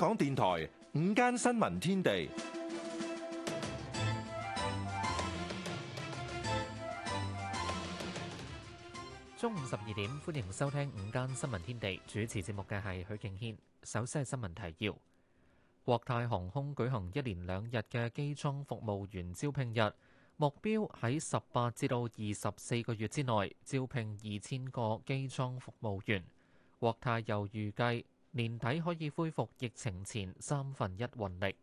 香港電台午間新聞天地，中午十二點，歡迎收聽午間新聞天地，主持節目嘅係許敬軒。首先係新聞提要：國泰航空舉行一連兩日嘅機艙服務員招聘日，目標喺十八至到二十四個月之內招聘二千個機艙服務員。國泰又預計。年底可以恢復疫情前三分一運力。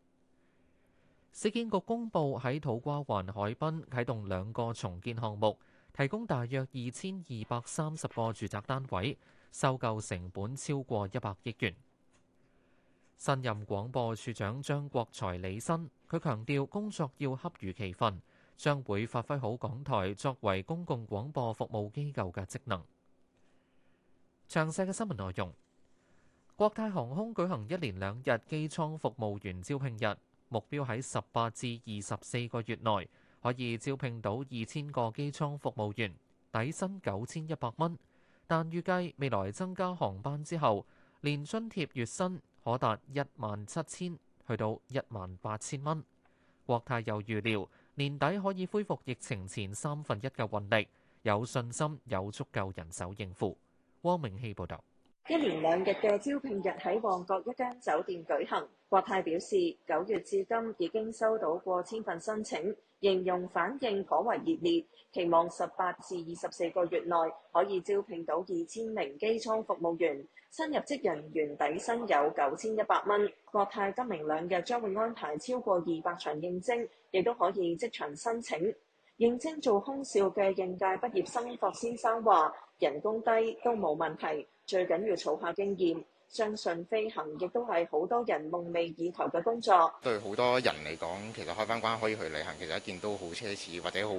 市建局公布喺土瓜灣海濱啟動兩個重建項目，提供大約二千二百三十個住宅單位，收購成本超過一百億元。新任廣播處長張國財履新，佢強調工作要恰如其分，將會發揮好港台作為公共廣播服務機構嘅職能。詳細嘅新聞內容。國泰航空舉行一連兩日機艙服務員招聘日，目標喺十八至二十四個月內可以招聘到二千個機艙服務員，底薪九千一百蚊。但預計未來增加航班之後，年津貼月薪可達一萬七千去到一萬八千蚊。國泰又預料年底可以恢復疫情前三分一嘅運力，有信心有足夠人手應付。汪明希報道。一連兩日嘅招聘日喺旺角一間酒店舉行。國泰表示，九月至今已經收到過千份申請，形容反應頗為熱烈，期望十八至二十四個月內可以招聘到二千名機艙服務員。新入職人員底薪有九千一百蚊。國泰今明兩日將會安排超過二百場應徵，亦都可以即場申請。應徵做空少嘅應屆畢業生霍先生話，人工低都冇問題。最緊要儲下經驗，相信飛行亦都係好多人夢寐以求嘅工作。對好多人嚟講，其實開翻關可以去旅行，其實一件都好奢侈或者好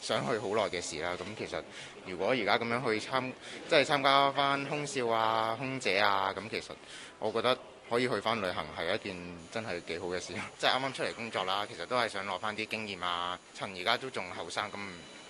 想去好耐嘅事啦。咁其實如果而家咁樣去參，即係參加翻空少啊、空姐啊，咁其實我覺得可以去翻旅行係一件真係幾好嘅事。即係啱啱出嚟工作啦，其實都係想攞翻啲經驗啊，趁而家都仲後生咁。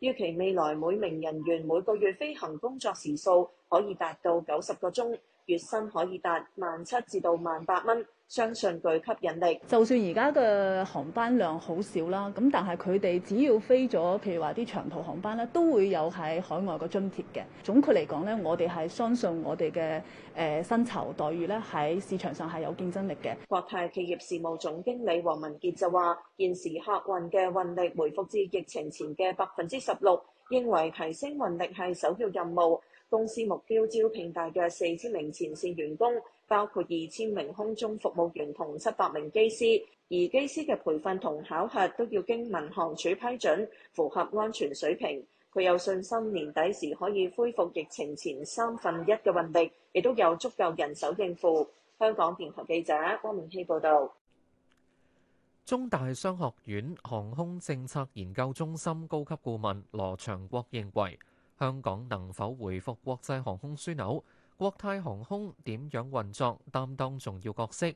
預期未來每名人員每個月飛行工作時數可以達到九十個鐘，月薪可以達萬七至到萬八蚊。相信具吸引力。就算而家嘅航班量好少啦，咁但係佢哋只要飛咗，譬如話啲長途航班咧，都會有喺海外個津貼嘅。總括嚟講咧，我哋係相信我哋嘅誒薪酬待遇咧喺市場上係有競爭力嘅。國泰企業事務總經理黃文傑就話現時客運嘅運力回復至疫情前嘅百分之十六，認為提升運力係首要任務。公司目標招聘大約四千名前線員工。包括二千名空中服務員同七百名機師，而機師嘅培訓同考核都要經民航處批准，符合安全水平。佢有信心年底時可以恢復疫情前三分一嘅運力，亦都有足夠人手應付。香港電台記者汪明希報導。中大商學院航空政策研究中心高級顧問羅祥國認為，香港能否回復國際航空樞紐？國泰航空點樣運作，擔當重要角色？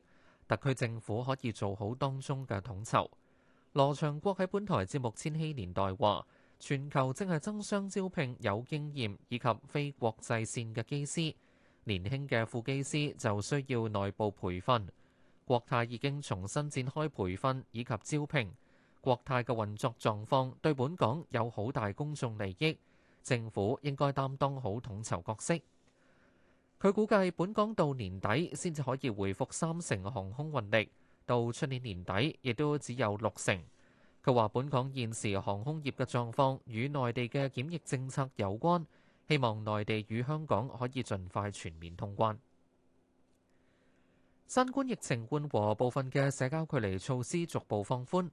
特區政府可以做好當中嘅統籌。羅祥國喺本台節目《千禧年代》話：全球正係爭相招聘有經驗以及非國際線嘅機師，年輕嘅副機師就需要內部培訓。國泰已經重新展開培訓以及招聘。國泰嘅運作狀況對本港有好大公眾利益，政府應該擔當好統籌角色。佢估計本港到年底先至可以回復三成航空運力，到出年年底亦都只有六成。佢話：本港現時航空業嘅狀況與內地嘅檢疫政策有關，希望內地與香港可以盡快全面通關。新冠疫情緩和，部分嘅社交距離措施逐步放寬。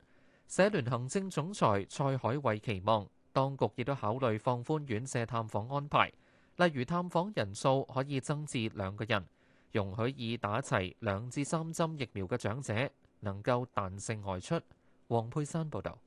社聯行政總裁蔡海偉期望當局亦都考慮放寬院舍探訪安排。例如，探訪人數可以增至兩個人，容許已打齊兩至三針疫苗嘅長者能夠彈性外出。黃佩珊報導。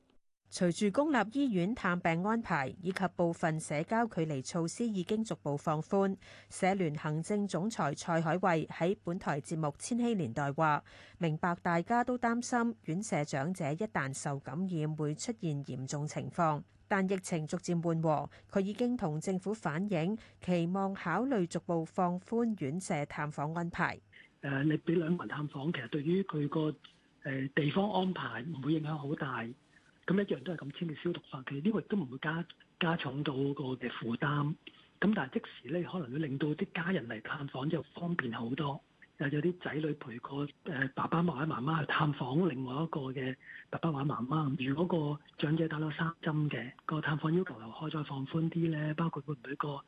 隨住公立醫院探病安排以及部分社交距離措施已經逐步放寬，社聯行政總裁蔡海慧喺本台節目《千禧年代》話：明白大家都擔心院舍長者一旦受感染會出現嚴重情況。但疫情逐漸緩和，佢已經同政府反映，期望考慮逐步放寬院舍探訪安排。誒、呃，你俾兩名探訪，其實對於佢個誒地方安排唔會影響好大，咁一樣都係咁清嘅消毒法，其實呢個都唔會加加重到個嘅負擔。咁但係即時咧，可能會令到啲家人嚟探訪就方便好多。有啲仔女陪個誒爸爸或媽媽去探訪另外一個嘅爸爸或媽媽。如果個長者打咗三針嘅，個探訪要求又可再放寬啲咧？包括會唔會個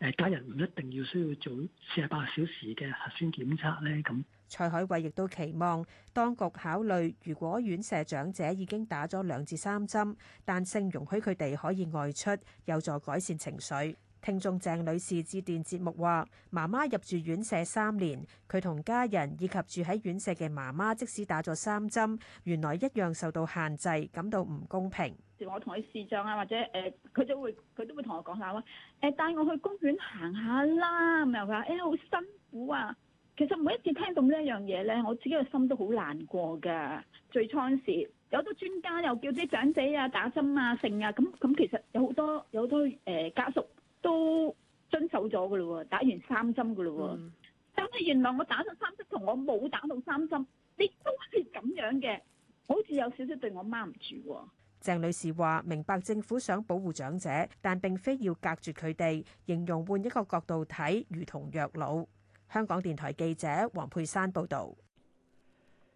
誒家人唔一定要需要做四十八小時嘅核酸檢測咧？咁蔡海偉亦都期望當局考慮，如果院舍長者已經打咗兩至三針，但性容許佢哋可以外出，有助改善情緒。聽眾鄭女士致電節目話：媽媽入住院舍三年，佢同家人以及住喺院舍嘅媽媽，即使打咗三針，原來一樣受到限制，感到唔公平。我同佢視像啊，或者誒，佢就會佢都會同我講下話誒，帶我去公園行下啦。咁又話誒好辛苦啊。其實每一次聽到呢一樣嘢咧，我自己個心都好難過㗎。最初嗰時，有好多專家又叫啲長者啊打針啊剩啊，咁咁其實有好多有好多誒家屬。都遵守咗嘅嘞喎，打完三針嘅嘞喎。但係原來我打咗三針同我冇打到三針，你都係咁樣嘅，好似有少少對我掹唔住喎。鄭女士話：明白政府想保護長者，但並非要隔住佢哋。形容換一個角度睇，如同弱老。香港電台記者黃佩珊報導。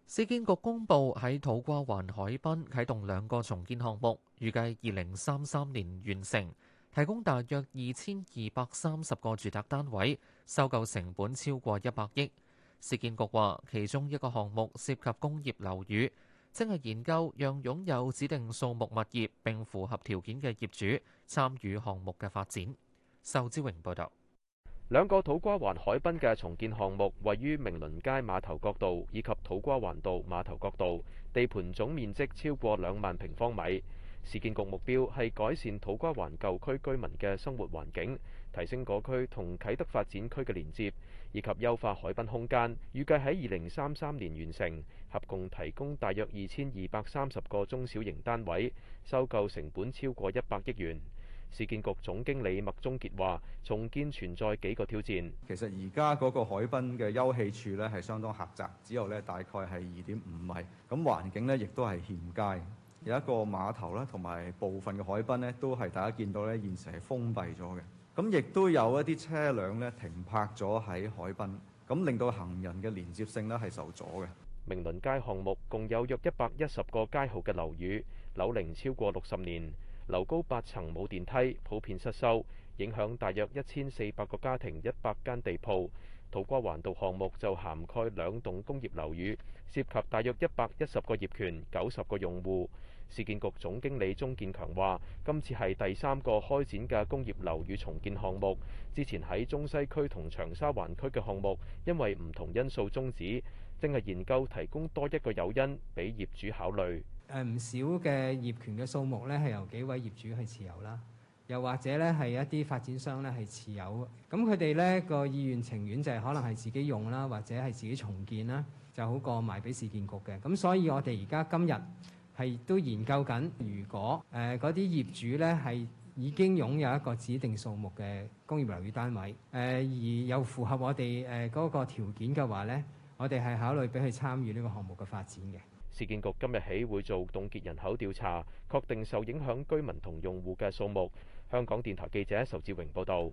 市建局公佈喺土瓜灣海濱啟動兩個重建項目，預計二零三三年完成。提供大約二千二百三十個住宅單位，收購成本超過一百億。市建局話，其中一個項目涉及工業樓宇，正係研究讓擁有指定數目物業並符合條件嘅業主參與項目嘅發展。仇志榮報道。兩個土瓜灣海濱嘅重建項目，位於明倫街馬頭角道以及土瓜灣道馬頭角道，地盤總面積超過兩萬平方米。市建局目標係改善土瓜灣舊區居民嘅生活環境，提升嗰區同啟德發展區嘅連接，以及優化海濱空間。預計喺二零三三年完成，合共提供大約二千二百三十個中小型單位，收購成本超過一百億元。市建局總經理麥忠傑話：重建存在幾個挑戰，其實而家嗰個海濱嘅休憩處呢，係相當狹窄，只有呢大概係二點五米，咁環境呢，亦都係欠佳。有一個碼頭啦，同埋部分嘅海濱呢，都係大家見到呢，現時係封閉咗嘅。咁亦都有一啲車輛呢，停泊咗喺海濱，咁令到行人嘅連接性呢係受阻嘅。明倫街項目共有約一百一十個街號嘅樓宇，樓齡超過六十年，樓高八層，冇電梯，普遍失修，影響大約一千四百個家庭、一百間地鋪。土瓜灣道項目就涵蓋兩棟工業樓宇，涉及大約一百一十個業權、九十個用戶。市建局總經理鍾建強話，今次係第三個開展嘅工業樓宇重建項目。之前喺中西區同長沙灣區嘅項目，因為唔同因素終止，正係研究提供多一個誘因俾業主考慮。誒，唔少嘅業權嘅數目咧，係由幾位業主去持有啦，又或者咧係一啲發展商咧係持有。咁佢哋咧個意願情願就係可能係自己用啦，或者係自己重建啦，就好過賣俾市建局嘅。咁所以我哋而家今日係都研究緊，如果誒嗰啲業主呢係已經擁有一個指定數目嘅工業樓宇單位，誒、呃、而又符合我哋誒嗰個條件嘅話呢，我哋係考慮俾佢參與呢個項目嘅發展嘅。市建局今日起會做凍結人口調查，確定受影響居民同用戶嘅數目。香港電台記者仇志榮報導。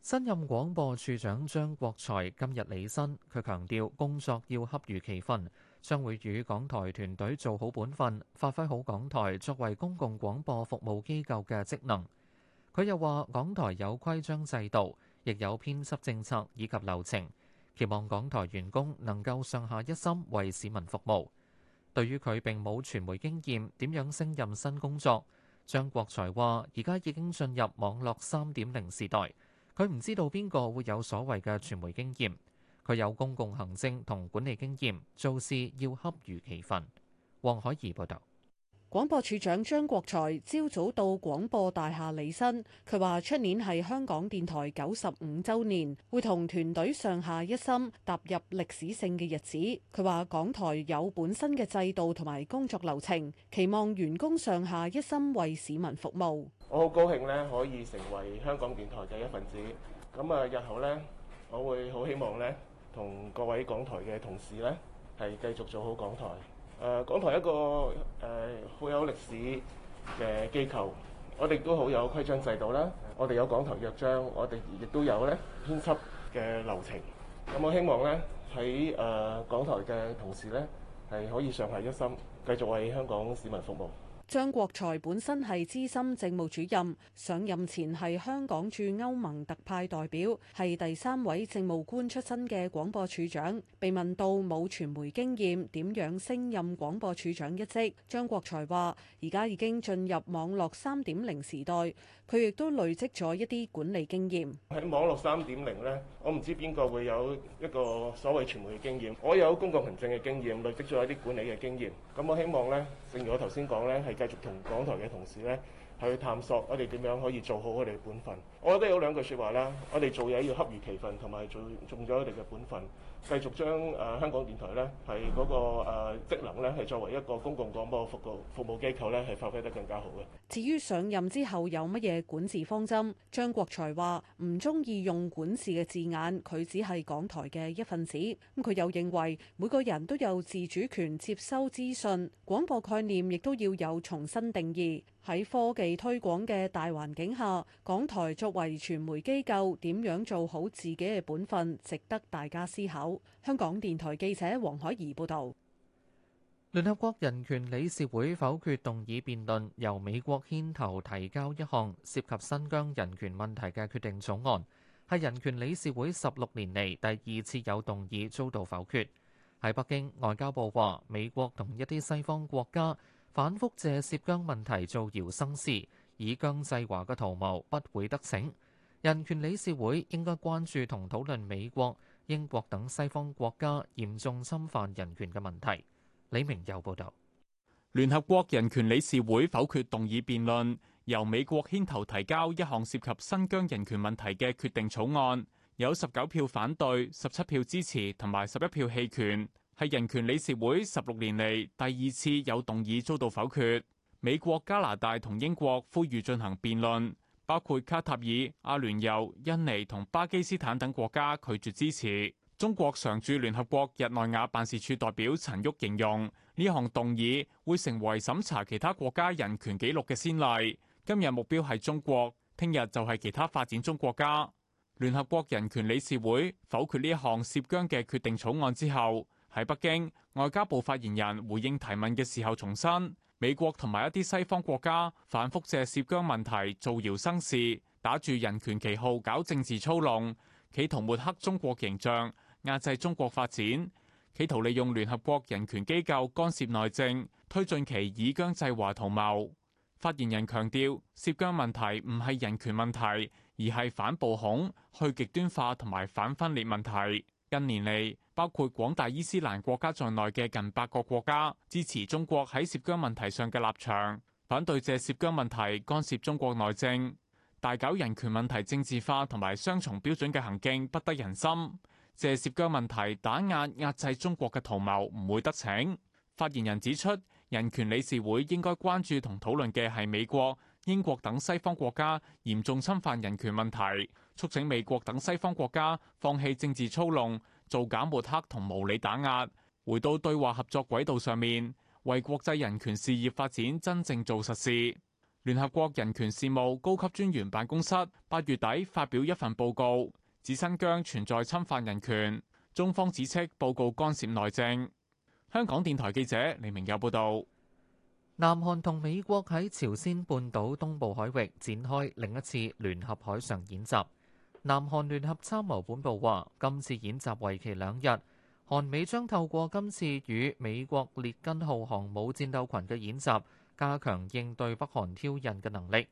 新任廣播處長張國才今日履新，佢強調工作要恰如其分。將會與港台團隊做好本分，發揮好港台作為公共廣播服務機構嘅職能。佢又話：港台有規章制度，亦有編輯政策以及流程，期望港台員工能夠上下一心為市民服務。對於佢並冇傳媒經驗，點樣升任新工作？張國財話：而家已經進入網絡三點零時代，佢唔知道邊個會有所謂嘅傳媒經驗。佢有公共行政同管理經驗，做事要恰如其分。黃海怡報道。廣播處長張國財朝早到廣播大廈履新，佢話出年係香港電台九十五周年，會同團隊上下一心踏入歷史性嘅日子。佢話港台有本身嘅制度同埋工作流程，期望員工上下一心為市民服務。我好高興咧，可以成為香港電台嘅一份子。咁啊，日後咧，我會好希望咧。同各位港台嘅同事呢，係繼續做好港台。誒、呃，港台一個誒好、呃、有歷史嘅機構，我哋都好有規章制度啦。我哋有港台約章，我哋亦都有呢編輯嘅流程。咁我希望呢，喺誒、呃、港台嘅同事呢，係可以上下一心，繼續為香港市民服務。張國財本身係資深政務主任，上任前係香港駐歐盟特派代表，係第三位政務官出身嘅廣播處長。被問到冇傳媒經驗，點樣升任廣播處長一職，張國財話：而家已經進入網絡三點零時代，佢亦都累積咗一啲管理經驗。喺網絡三點零呢，我唔知邊個會有一個所謂傳媒嘅經驗，我有公共行政嘅經驗，累積咗一啲管理嘅經驗。咁我希望呢，正如我頭先講呢，係。繼續同港台嘅同事咧去探索，我哋點樣可以做好我哋嘅本分。我覺得有兩句說話啦，我哋做嘢要恰如其分，同埋做做咗我哋嘅本分。繼續將誒香港電台呢係嗰個誒職能呢係作為一個公共廣播服務服務機構呢，係發揮得更加好嘅。至於上任之後有乜嘢管治方針，張國財話唔中意用管治嘅字眼，佢只係港台嘅一份子。咁佢又認為每個人都有自主權接收資訊，廣播概念亦都要有重新定義。喺科技推廣嘅大環境下，港台作為傳媒機構，點樣做好自己嘅本分，值得大家思考。香港電台記者黃海怡報道。聯合國人權理事會否決動議辯論由美國牽頭提交一項涉及新疆人權問題嘅決定草案，係人權理事會十六年嚟第二次有動議遭到否決。喺北京，外交部話美國同一啲西方國家。反覆借涉疆問題造謠生事，以疆制華嘅圖謀不會得逞。人權理事會應該關注同討論美國、英國等西方國家嚴重侵犯人權嘅問題。李明又報道，聯合國人權理事會否決動議辯論，由美國牽頭提交一項涉及新疆人權問題嘅決定草案，有十九票反對、十七票支持同埋十一票棄權。係人權理事會十六年嚟，第二次有動議遭到否決，美國、加拿大同英國呼籲進行辯論，包括卡塔爾、阿聯酋、印尼同巴基斯坦等國家拒絕支持。中國常駐聯合國日內瓦辦事處代表陳旭形容呢項動議會成為審查其他國家人權紀錄嘅先例。今日目標係中國，聽日就係其他發展中國家。聯合國人權理事會否決呢一項涉疆嘅決定草案之後。喺北京，外交部發言人回應提問嘅時候重申，美國同埋一啲西方國家反復借涉疆問題造謠生事，打住人權旗號搞政治操弄，企圖抹黑中國形象，壓制中國發展，企圖利用聯合國人權機構干涉內政，推進其以疆制華圖謀。發言人強調，涉疆問題唔係人權問題，而係反暴恐、去極端化同埋反分裂問題。近年嚟。包括廣大伊斯蘭國家在內嘅近百個國家支持中國喺涉疆問題上嘅立場，反對借涉疆問題干涉中國內政，大搞人權問題政治化同埋雙重標準嘅行徑，不得人心。借涉疆問題打壓壓制中國嘅圖謀唔會得逞。發言人指出，人權理事會應該關注同討論嘅係美國、英國等西方國家嚴重侵犯人權問題，促請美國等西方國家放棄政治操弄。造假抹黑同無理打壓，回到對話合作軌道上面，為國際人權事業發展真正做實事。聯合國人權事務高級專員辦公室八月底發表一份報告，指新疆存在侵犯人權。中方指斥報告干涉內政。香港電台記者李明友報導。南韓同美國喺朝鮮半島東部海域展開另一次聯合海上演習。南韓聯合參謀本部話：今次演習為期兩日，韓美將透過今次與美國列根號航母戰鬥群嘅演習，加強應對北韓挑釁嘅能力。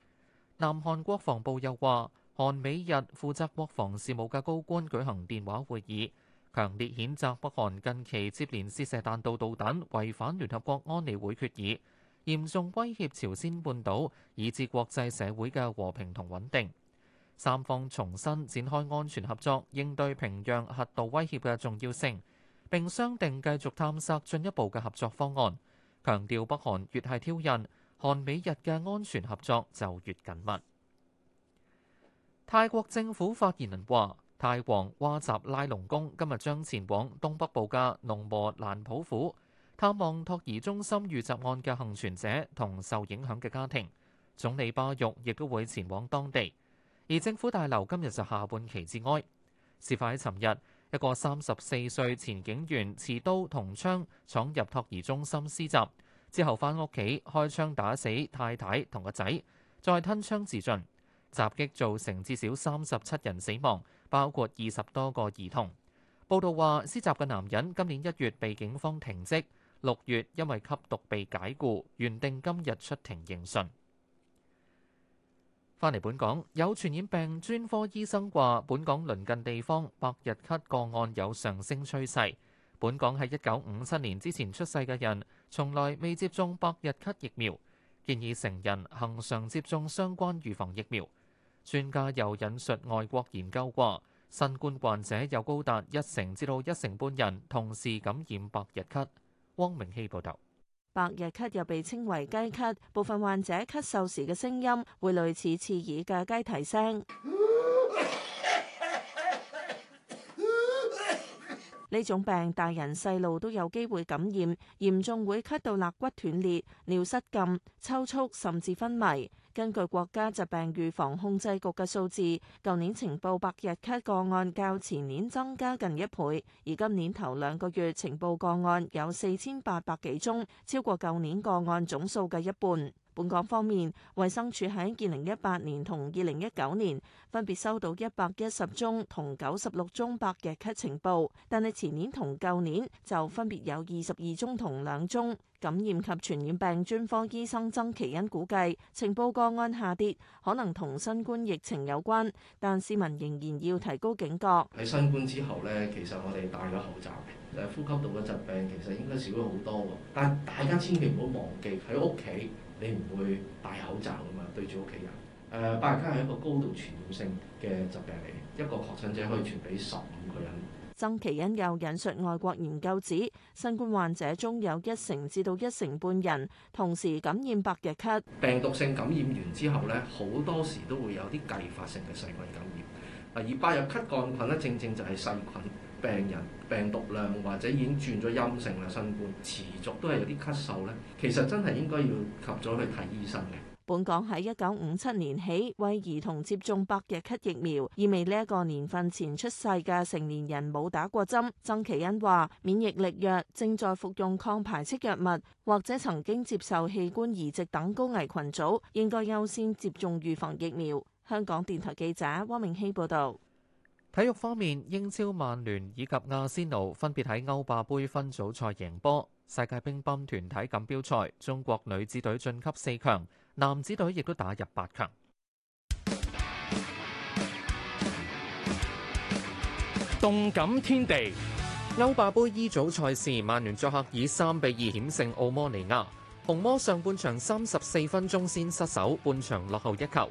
南韓國防部又話，韓美日負責國防事務嘅高官舉行電話會議，強烈譴責北韓近期接連試射彈道導彈，違反聯合國安理會決議，嚴重威脅朝鮮半島以至國際社會嘅和平同穩定。三方重新展開安全合作，應對平壤核導威脅嘅重要性，並商定繼續探索進一步嘅合作方案。強調北韓越係挑釁，韓美日嘅安全合作就越緊密。泰國政府發言人話，泰皇哇集拉隆功今日將前往東北部嘅農和蘭普府探望托兒中心遇襲案嘅幸存者同受影響嘅家庭。總理巴育亦都會前往當地。而政府大樓今日就下半旗致哀。事發喺尋日，一個三十四歲前警員持刀同槍闖入托兒中心施襲，之後翻屋企開槍打死太太同個仔，再吞槍自盡。襲擊造成至少三十七人死亡，包括二十多個兒童。報道話，施襲嘅男人今年一月被警方停職，六月因為吸毒被解雇，原定今日出庭應訊。翻嚟本港，有傳染病專科醫生話，本港鄰近地方百日咳個案有上升趨勢。本港喺一九五七年之前出世嘅人，從來未接種百日咳疫苗，建議成人恆常接種相關預防疫苗。專家又引述外國研究話，新冠患者有高達一成至到一成半人同時感染百日咳。汪明希報導。白日咳又被稱為雞咳，部分患者咳嗽時嘅聲音會類似刺耳嘅雞啼聲。呢 種病大人細路都有機會感染，嚴重會咳到肋骨斷裂、尿失禁、抽搐甚至昏迷。根據國家疾病預防控制局嘅數字，舊年呈報百日咳個案較前年增加近一倍，而今年頭兩個月呈報個案有四千八百幾宗，超過舊年個案總數嘅一半。本港方面，衞生署喺二零一八年同二零一九年分別收到一百一十宗同九十六宗百日咳情報，但係前年同舊年就分別有二十二宗同兩宗。感染及傳染病專科醫生曾其恩估計，情報個案下跌，可能同新冠疫情有關，但市民仍然要提高警覺。喺新冠之後呢，其實我哋戴咗口罩，誒呼吸道嘅疾病其實應該少咗好多喎，但大家千祈唔好忘記喺屋企。你唔會戴口罩㗎嘛？對住屋企人，誒、呃，百日咳係一個高度傳染性嘅疾病嚟，一個確診者可以傳俾十五個人。曾奇欣又引述外國研究指，新冠患者中有一成至到一成半人同時感染百日咳。病毒性感染完之後咧，好多時都會有啲繼發性嘅細菌感染。而百日咳桿菌咧，正正就係細菌。病人病毒量或者已經轉咗陰性啦，新冠持續都係有啲咳嗽咧，其實真係應該要及早去睇醫生嘅。本港喺一九五七年起為兒童接種百日咳疫苗，意味呢一個年份前出世嘅成年人冇打過針。曾奇恩話，免疫力弱、正在服用抗排斥藥物或者曾經接受器官移植等高危群組，應該優先接種預防疫苗。香港電台記者汪明希報道。體育方面，英超曼聯以及阿仙奴分別喺歐霸杯分組賽贏波。世界乒乓團體錦標賽，中國女子隊晉級四強，男子隊亦都打入八強。動感天地，歐霸杯 E 組賽事，曼聯作客以三比二險勝奧摩尼亞。紅魔上半場三十四分鐘先失守，半場落後一球。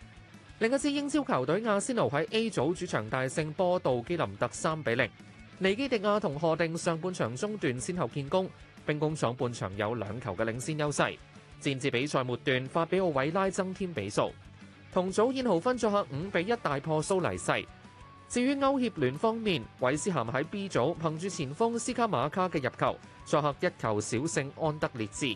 另一支英超球隊阿仙奴喺 A 組主場大勝波道基林特三比零，尼基迪亞同賀定上半場中段先後建功，兵工廠半場有兩球嘅領先優勢，戰至比賽末段法比奧維拉增添比數，同組燕豪芬作客五比一大破蘇黎世。至於歐協聯方面，韋斯咸喺 B 組憑住前鋒斯卡馬卡嘅入球，作客一球小勝安德烈治。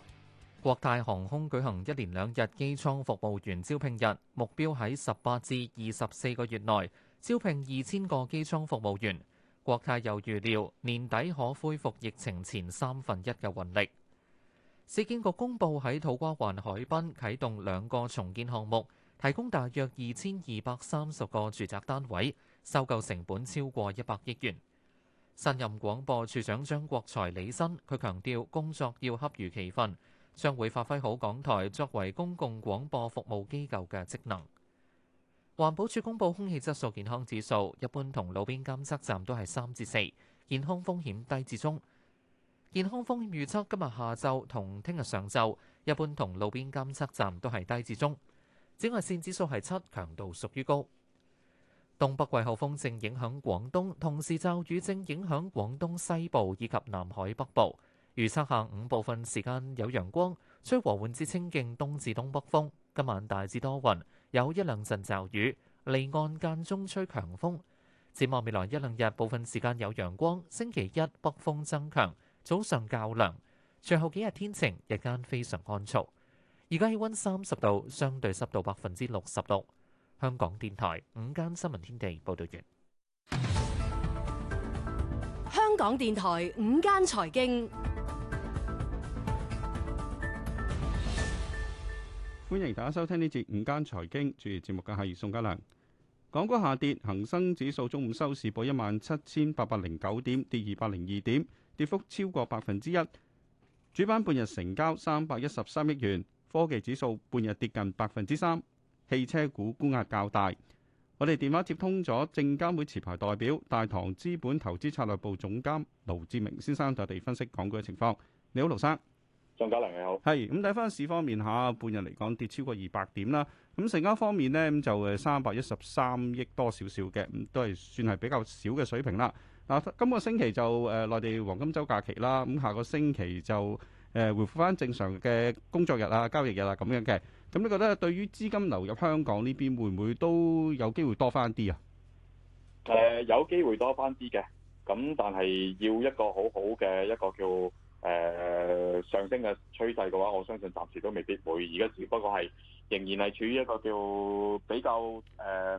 國泰航空舉行一連兩日機艙服務員招聘日，目標喺十八至二十四個月內招聘二千個機艙服務員。國泰又預料年底可恢復疫情前三分一嘅運力。市建局公布喺土瓜灣海濱啟動兩個重建項目，提供大約二千二百三十個住宅單位，收購成本超過一百億元。新任廣播處長張國財履新，佢強調工作要恰如其分。將會發揮好港台作為公共廣播服務機構嘅職能。環保署公布空氣質素健康指數，一般同路邊監測站都係三至四，健康風險低至中。健康風險預測今日下晝同聽日上晝，一般同路邊監測站都係低至中。紫外線指數係七，強度屬於高。東北季候風正影響廣東，同時驟雨正影響廣東西部以及南海北部。預測下午部分時間有陽光，吹和緩至清勁東至東北風。今晚大致多雲，有一兩陣驟雨，離岸間中吹強風。展望未來一兩日部分時間有陽光，星期一北風增強，早上較涼。最後幾日天晴，日間非常乾燥。而家氣溫三十度，相對濕度百分之六十六。香港電台午間新聞天地報道完。香港電台午間財經。歡迎大家收聽呢節午間財經主持節目，嘅係宋家良。港股下跌，恒生指數中午收市報一萬七千八百零九點，跌二百零二點，跌幅超過百分之一。主板半日成交三百一十三億元，科技指數半日跌近百分之三，汽車股沽壓較大。我哋電話接通咗證監會持牌代表、大堂資本投資策略部總監盧志明先生，帶地分析港股嘅情況。你好，盧生。鄧家琳，你好，係咁睇翻市方面嚇，半日嚟講跌超過二百點啦。咁成交方面咧，咁就誒三百一十三億多少少嘅，咁都係算係比較少嘅水平啦。嗱，今個星期就誒內地黃金週假期啦，咁下個星期就誒回復翻正常嘅工作日啊，交易日啦咁樣嘅。咁你覺得對於資金流入香港呢邊，會唔會都有機會多翻啲啊？誒，有機會多翻啲嘅，咁但係要一個好好嘅一個叫。誒、呃、上升嘅趨勢嘅話，我相信暫時都未必會。而家只不過係仍然係處於一個叫比較誒、呃，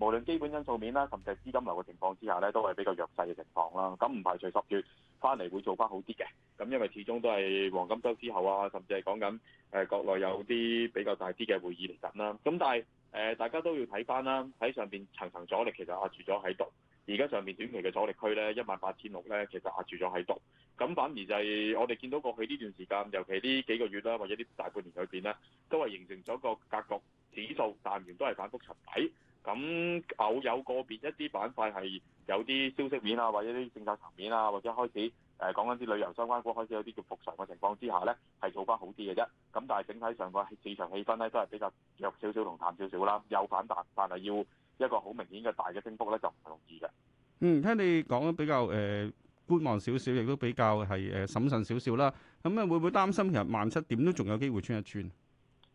無論基本因素面啦，甚至係資金流嘅情況之下咧，都係比較弱勢嘅情況啦。咁唔排除十月翻嚟會做翻好啲嘅。咁因為始終都係黃金周之後啊，甚至係講緊誒國內有啲比較大啲嘅會議嚟緊啦。咁但係誒、呃，大家都要睇翻啦，喺上邊層層阻力其實壓住咗喺度。而家上面短期嘅阻力區咧，一萬八千六咧，其實壓住咗喺度。咁反而就係我哋見到過去呢段時間，尤其呢幾個月啦，或者啲大半年裏邊咧，都係形成咗個格局。指數暫完都係反覆沉底。咁偶有個別一啲板塊係有啲消息面啊，或者啲政策層面啊，或者開始誒講緊啲旅遊相關股開始有啲叫復常嘅情況之下咧，係做翻好啲嘅啫。咁但係整體上個市場氣氛咧都係比較弱少少同淡少少啦。有反彈，但係要一個好明顯嘅大嘅升幅咧，就唔容易嘅。嗯，聽你講比較誒、呃、觀望少少，亦都比較係誒審慎少少啦。咁、嗯、啊，會唔會擔心其實萬七點都仲有機會穿一穿？誒、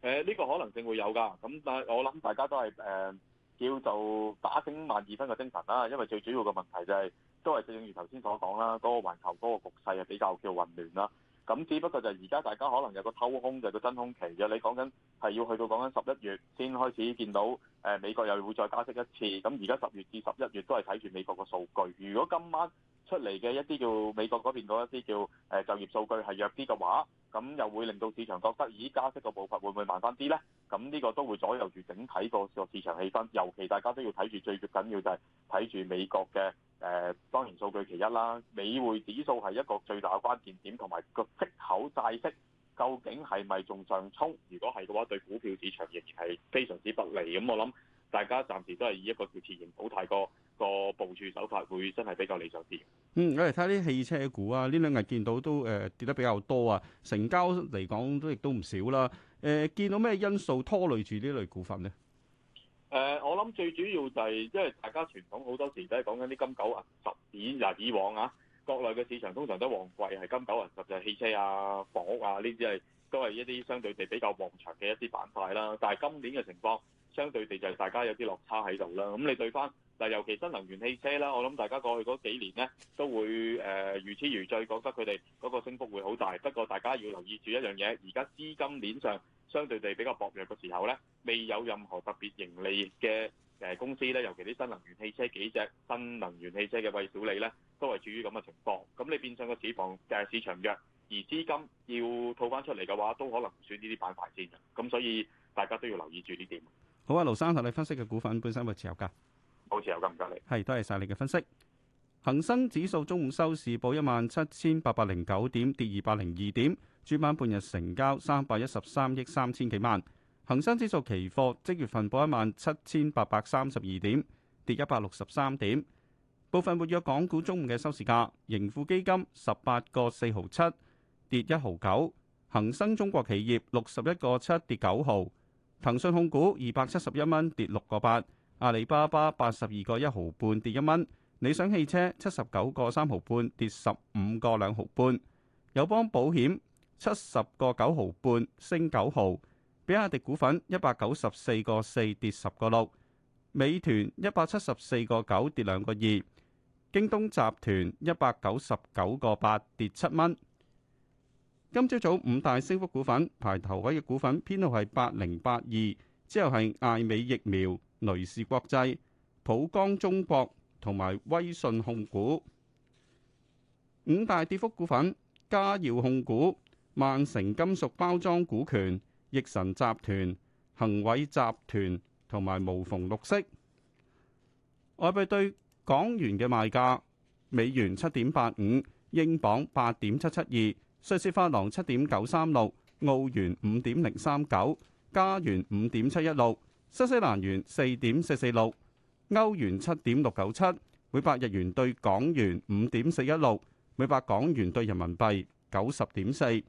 呃，呢、這個可能性會有㗎。咁但係我諗大家都係誒、呃、叫做打醒萬二分嘅精神啦。因為最主要嘅問題就係、是、都係正如頭先所講啦，嗰、那個環球嗰個局勢係比較叫混亂啦。咁只不過就而家大家可能有個偷空，就個真空期啫。你講緊係要去到講緊十一月先開始見到，誒美國又會再加息一次。咁而家十月至十一月都係睇住美國個數據。如果今晚出嚟嘅一啲叫美國嗰邊嗰一啲叫誒就業數據係弱啲嘅話，咁又會令到市場覺得，咦，加息個步伐會唔會慢翻啲呢？咁呢個都會左右住整體個市場氣氛，尤其大家都要睇住最緊要就係睇住美國嘅誒、呃、當然數據其一啦，美匯指數係一個最大嘅關鍵點，同埋個息口債息究竟係咪仲上衝？如果係嘅話，對股票市場仍然係非常之不利。咁我諗。大家暫時都係以一個調節型，好太過個部署手法，會真係比較理想啲。嗯，我哋睇下啲汽車股啊，呢兩日見到都誒、呃、跌得比較多啊，成交嚟講都亦都唔少啦。誒、呃，見到咩因素拖累住呢類股份呢？誒、呃，我諗最主要就係、是、因為大家傳統好多時都係講緊啲金九銀十點啊，以往啊，國內嘅市場通常都旺季係金九銀十，就係汽車啊、房屋啊呢啲係都係一啲相對地比較旺場嘅一啲板塊啦、啊。但係今年嘅情況。相對地就係大家有啲落差喺度啦。咁你對翻嗱，但尤其新能源汽車啦，我諗大家過去嗰幾年呢都會誒、呃、如痴如醉，覺得佢哋嗰個升幅會好大。不過大家要留意住一樣嘢，而家資金鏈上相對地比較薄弱嘅時候呢，未有任何特別盈利嘅誒公司呢，尤其啲新能源汽車，幾隻新能源汽車嘅蔚小理呢，都係處於咁嘅情況。咁你變相個市況嘅、啊、市場弱，而資金要套翻出嚟嘅話，都可能選呢啲板塊先嘅。咁所以大家都要留意住呢點。好啊，盧生，同你分析嘅股份本身有冇持有噶？冇持有，咁隔籬。係，多謝晒你嘅分析。恒生指數中午收市報一萬七千八百零九點，跌二百零二點。主板半日成交三百一十三億三千幾萬。恒生指數期貨即月份報一萬七千八百三十二點，跌一百六十三點。部分活躍港股中午嘅收市價：盈富基金十八個四毫七，跌一毫九；恒生中國企業六十一個七，跌九毫。騰訊控股二百七十一蚊，跌六個八；阿里巴巴八十二個一毫半，跌一蚊；理想汽車七十九個三毫半，跌十五個兩毫半；友邦保險七十個九毫半，升九毫；比亞迪股份一百九十四個四，跌十個六；美團一百七十四個九，跌兩個二；京東集團一百九十九個八，跌七蚊。今朝早，早五大升幅股份排頭位嘅股份編號係八零八二，之後係艾美疫苗、雷士國際、浦江中國同埋威信控股。五大跌幅股份：嘉耀控股、萬城金屬包裝股權、益神集團、恒偉集團同埋無縫綠色。外幣對港元嘅賣價：美元七點八五，英鎊八點七七二。瑞士法郎七點九三六，澳元五點零三九，加元五點七一六，新西蘭元四點四四六，歐元七點六九七，每百日元兌港元五點四一六，每百港元兌人民幣九十點四。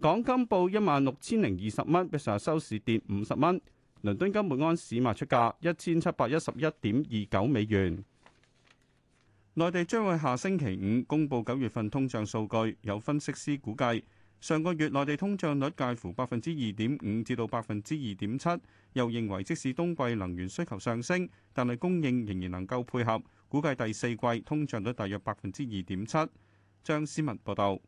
港金報一萬六千零二十蚊，比上日收市跌五十蚊。倫敦金每盎司賣出價一千七百一十一點二九美元。內地將會下星期五公布九月份通脹數據，有分析師估計，上個月內地通脹率介乎百分之二點五至到百分之二點七，又認為即使冬季能源需求上升，但係供應仍然能夠配合，估計第四季通脹率大約百分之二點七。張思文報道。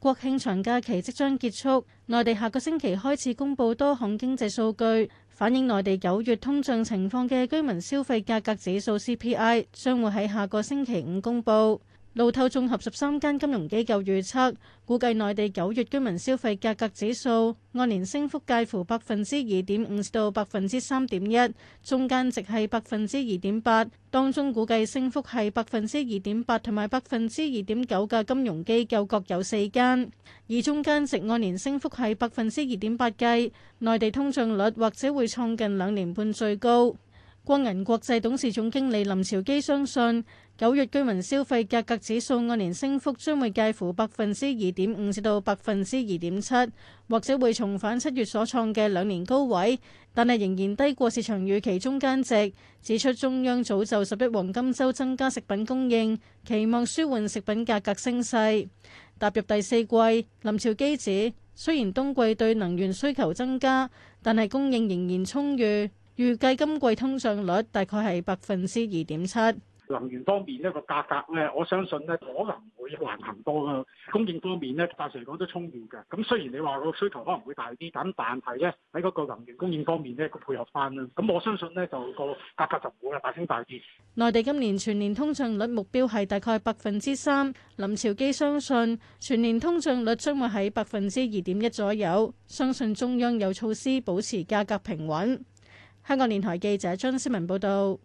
國慶長假期即將結束，內地下個星期開始公布多項經濟數據。反映內地九月通脹情況嘅居民消費價格指數 CPI 將會喺下個星期五公佈。路透綜合十三間金融機構預測，估計內地九月居民消費價格指數按年升幅介乎百分之二點五至到百分之三點一，中間值係百分之二點八。當中估計升幅係百分之二點八同埋百分之二點九嘅金融機構各有四間。而中間值按年升幅係百分之二點八計，內地通脹率或者會創近兩年半最高。光銀國際董事總經理林朝基相信，九月居民消費價格指數按年升幅將會介乎百分之二點五至到百分之二點七，或者會重返七月所創嘅兩年高位，但係仍然低過市場預期中間值。指出中央早就十一黃金周增加食品供應，期望舒緩食品價格升勢。踏入第四季，林朝基指雖然冬季對能源需求增加，但係供應仍然充裕，預計今季通脹率大概係百分之二點七。能源方面呢個價格呢，我相信呢可能唔會橫行多啦。供應方面呢，暫時嚟講都充裕嘅。咁雖然你話個需求可能會大啲，咁但係咧喺嗰個能源供應方面呢，佢配合翻啦。咁我相信呢，就個價格就唔會大升大跌。內地今年全年通脹率目標係大概百分之三。林朝基相信全年通脹率將會喺百分之二點一左右。相信中央有措施保持價格平穩。香港電台記者張思文報道。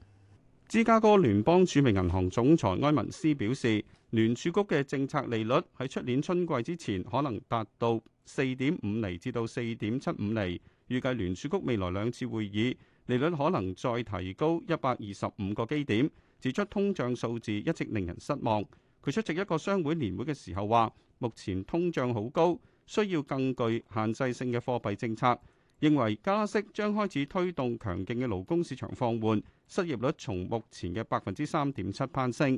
芝加哥聯邦儲備銀行總裁埃文斯表示，聯儲局嘅政策利率喺出年春季之前可能達到四點五厘至到四點七五厘。預計聯儲局未來兩次會議利率可能再提高一百二十五個基點。指出通脹數字一直令人失望。佢出席一個商會年會嘅時候話，目前通脹好高，需要更具限制性嘅貨幣政策。認為加息將開始推動強勁嘅勞工市場放緩，失業率從目前嘅百分之三點七攀升。